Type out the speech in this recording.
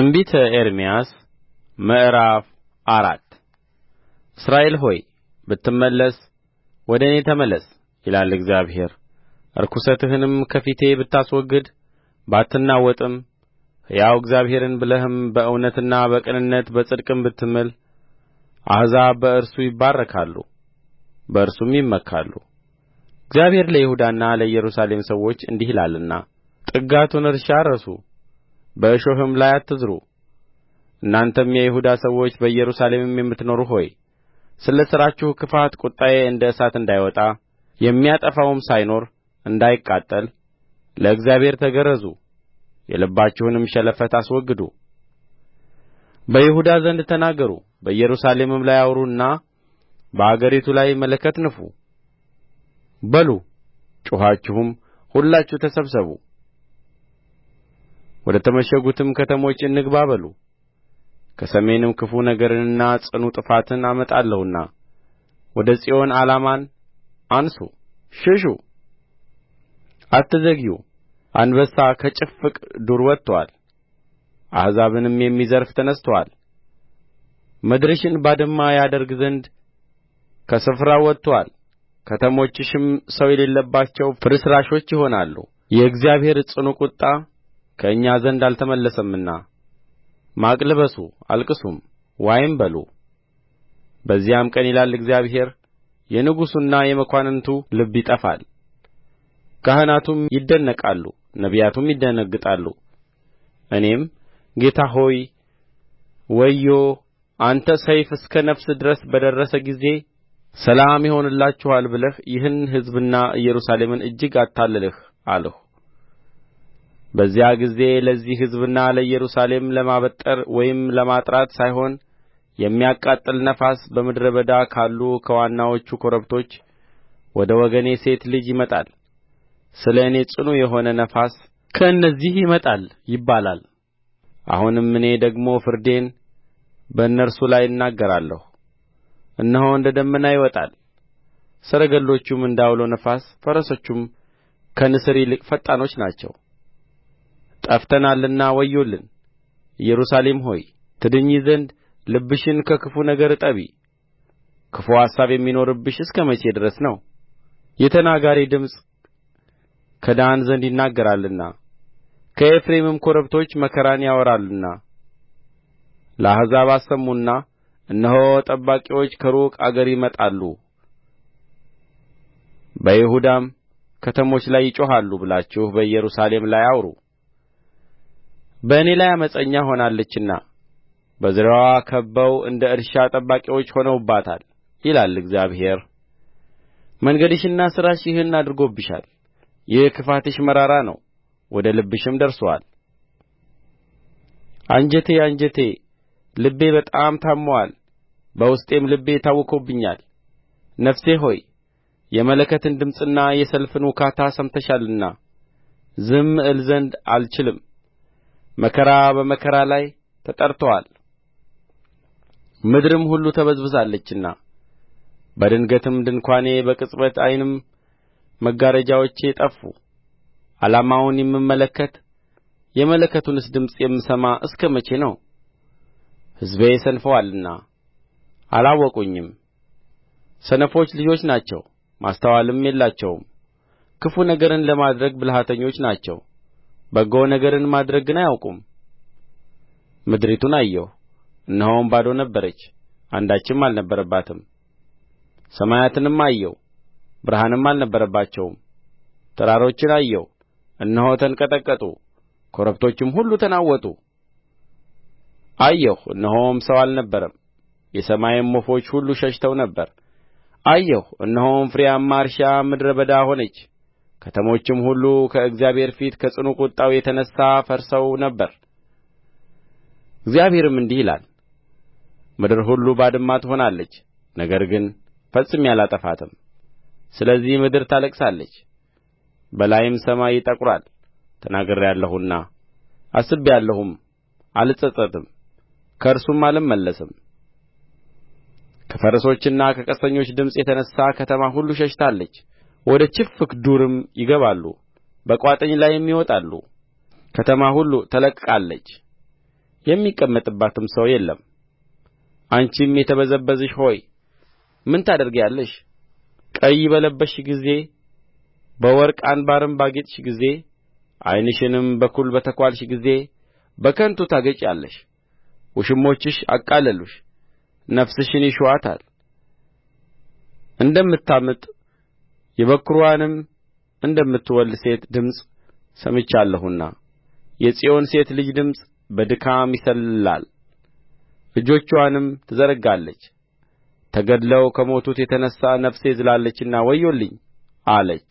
ትንቢተ ኤርምያስ ምዕራፍ አራት እስራኤል ሆይ ብትመለስ ወደ እኔ ተመለስ ይላል እግዚአብሔር ርኵሰትህንም ከፊቴ ብታስወግድ ባትናወጥም ሕያው እግዚአብሔርን ብለህም በእውነትና በቅንነት በጽድቅም ብትምል አሕዛብ በእርሱ ይባረካሉ በእርሱም ይመካሉ እግዚአብሔር ለይሁዳና ለኢየሩሳሌም ሰዎች እንዲህ ይላልና ጥጋቱን እርሻ እረሱ በእሾህም ላይ አትዝሩ እናንተም የይሁዳ ሰዎች በኢየሩሳሌምም የምትኖሩ ሆይ ስለ ሥራችሁ ክፋት ቍጣዬ እንደ እሳት እንዳይወጣ የሚያጠፋውም ሳይኖር እንዳይቃጠል ለእግዚአብሔር ተገረዙ የልባችሁንም ሸለፈት አስወግዱ በይሁዳ ዘንድ ተናገሩ በኢየሩሳሌምም ላይ አውሩና በአገሪቱ ላይ መለከት ንፉ በሉ ጮኻችሁም ሁላችሁ ተሰብሰቡ ወደ ተመሸጉትም ከተሞች እንግባ በሉ ከሰሜንም ክፉ ነገርንና ጽኑ ጥፋትን አመጣለሁና ወደ ጽዮን ዓላማን አንሡ ሽሹ አትዘግዩ አንበሳ ከጭፍቅ ዱር ወጥቶአል አሕዛብንም የሚዘርፍ ተነሥቶአል ምድርሽን ባድማ ያደርግ ዘንድ ከስፍራው ወጥቶአል ከተሞችሽም ሰው የሌለባቸው ፍርስራሾች ይሆናሉ የእግዚአብሔር ጽኑ ቍጣ ከእኛ ዘንድ አልተመለሰምና ማቅ ልበሱ አልቅሱም ዋይም በሉ በዚያም ቀን ይላል እግዚአብሔር የንጉሡና የመኳንንቱ ልብ ይጠፋል ካህናቱም ይደነቃሉ ነቢያቱም ይደነግጣሉ እኔም ጌታ ሆይ ወዮ አንተ ሰይፍ እስከ ነፍስ ድረስ በደረሰ ጊዜ ሰላም ይሆንላችኋል ብለህ ይህን ሕዝብና ኢየሩሳሌምን እጅግ አታለልህ አልሁ በዚያ ጊዜ ለዚህ ሕዝብና ለኢየሩሳሌም ለማበጠር ወይም ለማጥራት ሳይሆን የሚያቃጥል ነፋስ በምድረ በዳ ካሉ ከወናዎቹ ኮረብቶች ወደ ወገኔ ሴት ልጅ ይመጣል ስለ እኔ ጽኑ የሆነ ነፋስ ከእነዚህ ይመጣል ይባላል አሁንም እኔ ደግሞ ፍርዴን በእነርሱ ላይ እናገራለሁ እነሆ እንደ ደመና ይወጣል ሰረገሎቹም እንደ ዐውሎ ነፋስ ፈረሶቹም ከንስር ይልቅ ፈጣኖች ናቸው ጠፍተናልና ወዮልን ኢየሩሳሌም ሆይ ትድኚ ዘንድ ልብሽን ከክፉ ነገር እጠቢ ክፉ አሳብ የሚኖርብሽ እስከ መቼ ድረስ ነው የተናጋሪ ድምፅ ከዳን ዘንድ ይናገራልና ከኤፍሬምም ኮረብቶች መከራን ያወራልና ለአሕዛብ አሰሙና እነሆ ጠባቂዎች ከሩቅ አገር ይመጣሉ በይሁዳም ከተሞች ላይ ይጮኻሉ ብላችሁ በኢየሩሳሌም ላይ አውሩ በእኔ ላይ ዓመፀኛ ሆናለችና በዙሪያዋ ከብበው እንደ እርሻ ጠባቂዎች ሆነውባታል ይላል እግዚአብሔር መንገድሽና ሥራሽ ይህን አድርጎብሻል ይህ ክፋትሽ መራራ ነው ወደ ልብሽም ደርሶአል አንጀቴ አንጀቴ ልቤ በጣም ታምሞአል በውስጤም ልቤ ታውኮብኛል ነፍሴ ሆይ የመለከትን ድምፅና የሰልፍን ውካታ ሰምተሻልና ዝም እል ዘንድ አልችልም መከራ በመከራ ላይ ተጠርቶአል ምድርም ሁሉ ተበዝብዛለችና በድንገትም ድንኳኔ በቅጽበት ዓይንም መጋረጃዎቼ ጠፉ ዓላማውን የምመለከት የመለከቱንስ ድምፅ የምሰማ እስከ መቼ ነው ሕዝቤ ሰንፈዋልና አላወቁኝም ሰነፎች ልጆች ናቸው ማስተዋልም የላቸውም ክፉ ነገርን ለማድረግ ብልሃተኞች ናቸው በጎ ነገርን ማድረግ ግን አያውቁም ምድሪቱን አየሁ እነሆም ባዶ ነበረች አንዳችም አልነበረባትም ሰማያትንም አየሁ ብርሃንም አልነበረባቸውም ተራሮችን አየሁ እነሆ ተንቀጠቀጡ ኮረብቶችም ሁሉ ተናወጡ አየሁ እነሆም ሰው አልነበረም የሰማይም ወፎች ሁሉ ሸሽተው ነበር አየሁ እነሆም ፍሬያማ እርሻ ምድረ በዳ ሆነች ከተሞችም ሁሉ ከእግዚአብሔር ፊት ከጽኑ ቍጣው የተነሣ ፈርሰው ነበር እግዚአብሔርም እንዲህ ይላል ምድር ሁሉ ባድማ ትሆናለች ነገር ግን ፈጽሜ አላጠፋትም ስለዚህ ምድር ታለቅሳለች በላይም ሰማይ ይጠቁራል ተናግሬአለሁና አስቤአለሁም አልጸጸትም ከእርሱም አልመለስም ከፈረሶችና ከቀስተኞች ድምፅ የተነሣ ከተማ ሁሉ ሸሽታለች ወደ ችፍግ ዱርም ይገባሉ በቋጥኝ ላይም ይወጣሉ ከተማ ሁሉ ተለቅቃለች የሚቀመጥባትም ሰው የለም አንቺም የተበዘበዝሽ ሆይ ምን ታደርጊአለሽ ቀይ በለበስሽ ጊዜ በወርቅ አንባርም ባጌጥሽ ጊዜ ዓይንሽንም በኩል በተኳልሽ ጊዜ በከንቱ ታገጫለሽ። ውሽሞችሽ አቃለሉሽ ነፍስሽን ይሹአታል እንደምታምጥ የበኵርዋንም እንደምትወልድ ሴት ድምፅ ሰምቻለሁና የጽዮን ሴት ልጅ ድምፅ በድካም ይሰልላል እጆችዋንም ትዘረጋለች ተገድለው ከሞቱት የተነሣ ነፍሴ ዝላለችና ወዮልኝ አለች